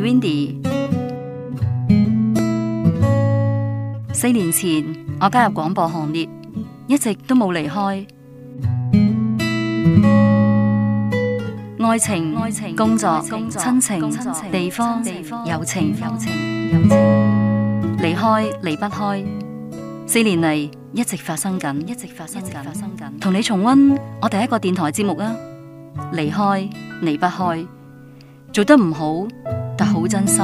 Windy，四年前我加入廣播行列，一直都冇離開。愛情、工作、親情、地方、友情，離開離不開。四年嚟，一直發生緊，一直發生緊，同你重温我第一個電台節目啊！離開離不開，做得唔好。好真心，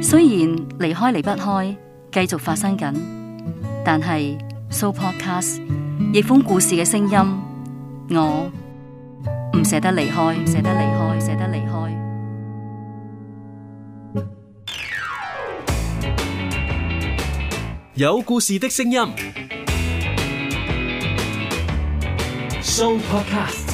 雖然離開離不開，繼續發生緊，但係 Show Podcast 逆風故事嘅聲音，我唔捨得離開，捨得離開，捨得離開，有故事的聲音 Show Podcast。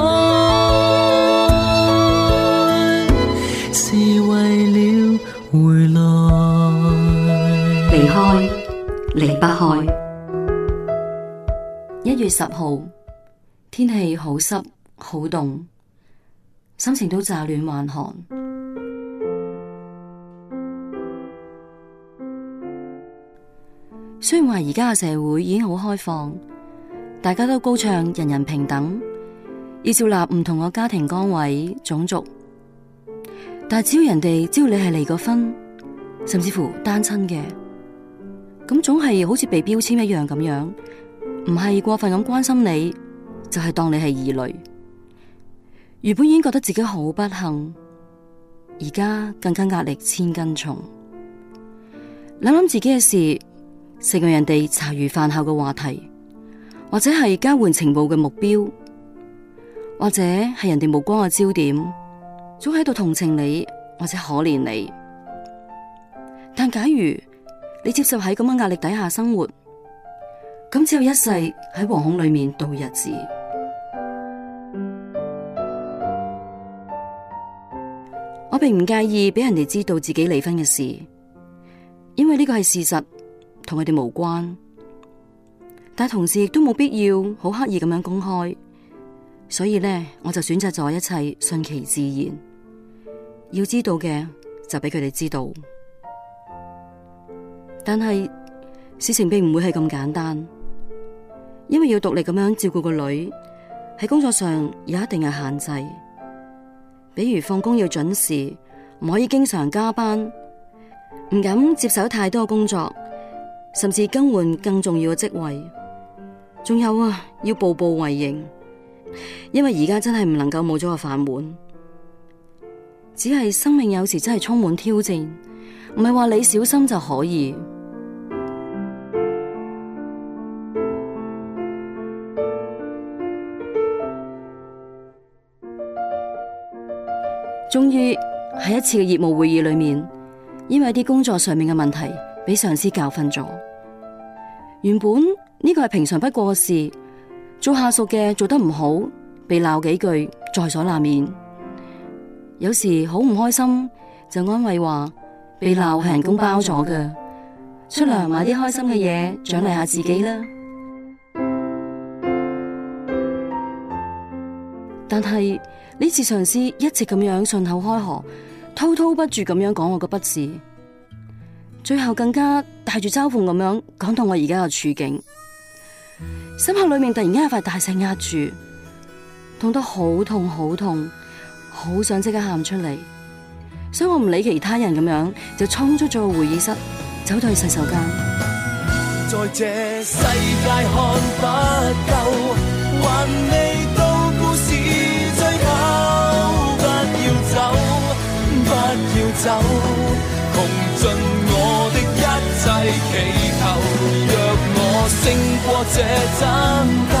離開，離不開。一月十號，天氣好濕好凍，心情都乍暖還寒。雖然話而家嘅社會已經好開放，大家都高唱人人平等，要接納唔同嘅家庭、崗位、種族。但係只要人哋，只要你係離過婚，甚至乎單親嘅，咁總係好似被標籤一樣咁樣，唔係過分咁關心你，就係、是、當你係異類。原本已經覺得自己好不幸，而家更加壓力千斤重，諗諗自己嘅事，成為人哋茶餘飯後嘅話題，或者係交換情報嘅目標，或者係人哋目光嘅焦點。總喺度同情你或者可憐你，但假如你接受喺咁嘅壓力底下生活，咁只有一世喺惶恐裏面度日子。我並唔介意俾人哋知道自己離婚嘅事，因為呢個係事實，同佢哋無關。但同時亦都冇必要好刻意咁樣公開，所以呢，我就選擇咗一切順其自然。要知道嘅就俾佢哋知道，但係事情並唔會係咁簡單，因為要獨立咁樣照顧個女，喺工作上有一定嘅限制，比如放工要準時，唔可以經常加班，唔敢接手太多嘅工作，甚至更換更重要嘅職位，仲有啊，要步步為營，因為而家真係唔能夠冇咗個飯碗。只係生命有時真係充滿挑戰，唔係話你小心就可以。 終於喺一次嘅業務會議裏面，因為啲工作上面嘅問題，俾上司教訓咗。原本呢個係平常不過嘅事，做下屬嘅做得唔好，被鬧幾句在所難免。有時好唔開心，就安慰話被鬧係人工包咗噶，出糧買啲開心嘅嘢，獎勵下自己啦。 但係呢次上司一直咁樣信口開河，滔滔不絕咁樣講我個不字，最後更加帶住嘲諷咁樣講到我而家嘅處境，心口裏面突然間有塊大石壓住，痛得好痛好痛。好想即刻喊出嚟，所以我唔理其他人咁樣，就衝出咗個會議室，走到去洗手間。在這世界看不夠，還未到故事最後，不要走，不要走，窮盡我的一切祈求，若我勝過這爭鬥。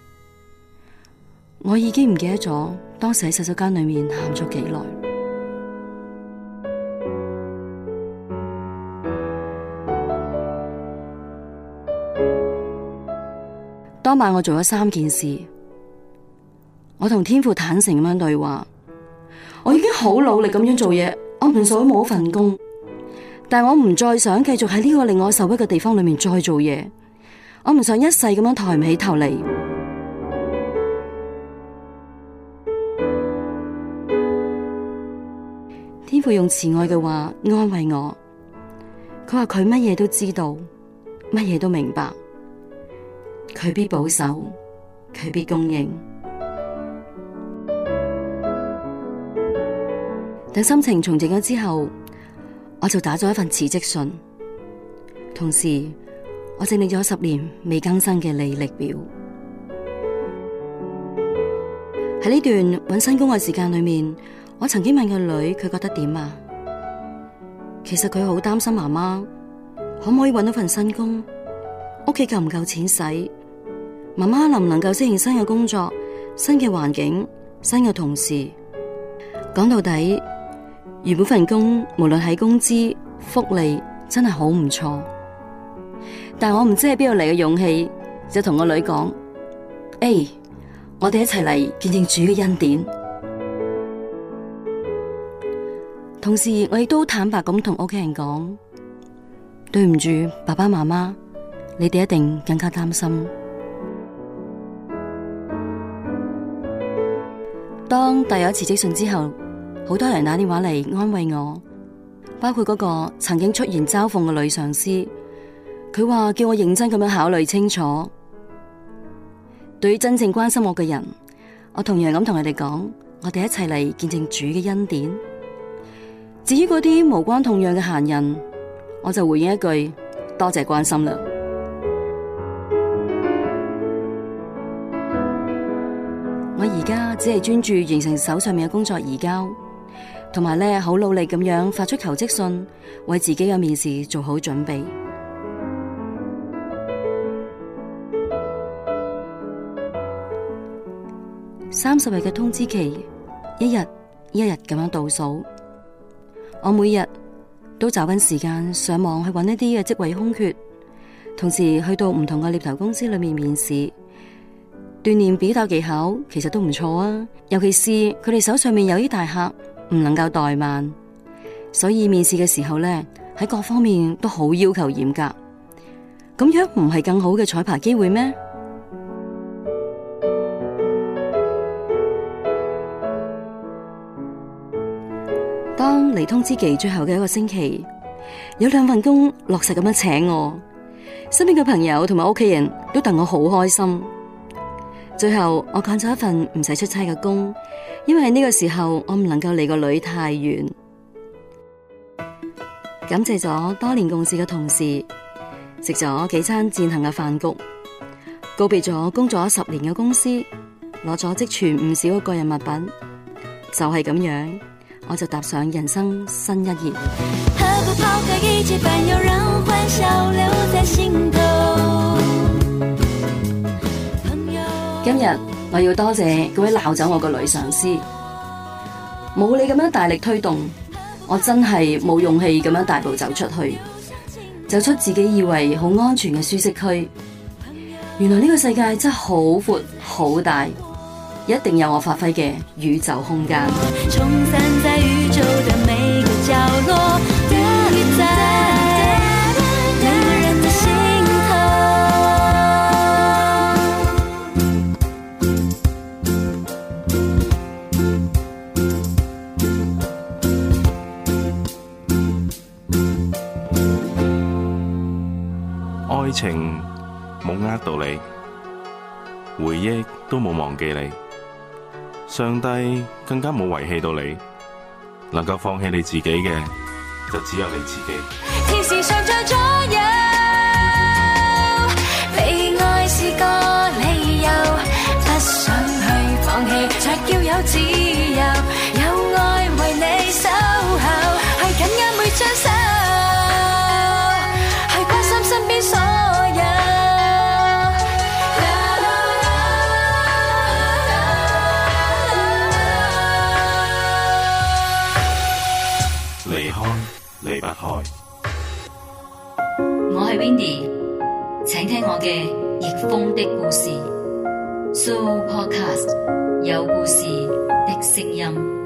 我已經唔記得咗當時喺洗手間裏面喊咗幾耐。當晚我做咗三件事。我同天父坦誠咁樣對話。我已經好努力咁樣做嘢，我唔想冇份工，但係我唔再想繼續喺呢個令我受屈嘅地方裏面再做嘢。我唔想一世咁樣抬唔起頭嚟。佢用慈愛嘅話安慰我，佢話佢乜嘢都知道，乜嘢都明白，佢必保守，佢必供應。 等心情平靜咗之後，我就打咗一份辭職信，同時我整理咗十年未更新嘅履歷表。喺呢段揾新工嘅時間裏面。我曾經問個女，佢覺得點啊？其實佢好擔心媽媽可唔可以搵到份新工，屋企夠唔夠錢使？媽媽能唔能夠適應新嘅工作、新嘅環境、新嘅同事？講到底，原本份工無論係工資、福利真係好唔錯，但我唔知喺邊度嚟嘅勇氣，就同、hey, 個女講，誒，我哋一齊嚟見證主嘅恩典。同時，我亦都坦白咁同屋企人講，對唔住爸爸媽媽，你哋一定更加擔心。 當遞有辭職信之後，好多人打電話嚟，安慰我，包括嗰個曾經出言嘲諷嘅女上司，佢話叫我認真咁樣考慮清楚。對於真正關心我嘅人，我同樣咁同佢哋講，我哋一齊嚟見證主嘅恩典。至於嗰啲無關痛癢嘅閒人，我就回應一句：多謝關心啦！我而家只係專注完成手上面嘅工作移交，同埋咧好努力咁樣發出求職信，為自己嘅面試做好準備。三十日嘅通知期，一日一日咁樣倒數。我每日都找緊時間上網去揾一啲嘅職位空缺，同時去到唔同嘅獵頭公司裏面面試，鍛煉表達技巧，其實都唔錯啊！尤其是佢哋手上面有啲大客，唔能夠怠慢，所以面試嘅時候呢，喺各方面都好要求嚴格。咁樣唔係更好嘅彩排機會咩？當嚟通知期最後嘅一個星期，有兩份工落實咁樣請我，身邊嘅朋友同埋屋企人都戥我好開心。最後我揀咗一份唔使出差嘅工，因為呢個時候我唔能夠離個女太遠。感謝咗多年共事嘅同事，食咗幾餐餞行嘅飯局，告別咗工作咗十年嘅公司，攞咗積存唔少嘅個人物品，就係咁樣。我就踏上人生新一頁。今日我要多謝各位鬧走我個女上司，冇你咁樣大力推動，我真係冇勇氣咁樣大步走出去，走出自己以為好安全嘅舒適區。原來呢個世界真係好闊好大，一定有我發揮嘅宇宙空間。冇呃到你，回憶都冇忘記你，上帝更加冇遺棄到你，能夠放棄你自己嘅，就只有你自己。天時常在左右，被愛是個理由，不想去放棄，才叫有志。我係 Windy，請聽我嘅逆風的故事。Supercast 有故事的聲音。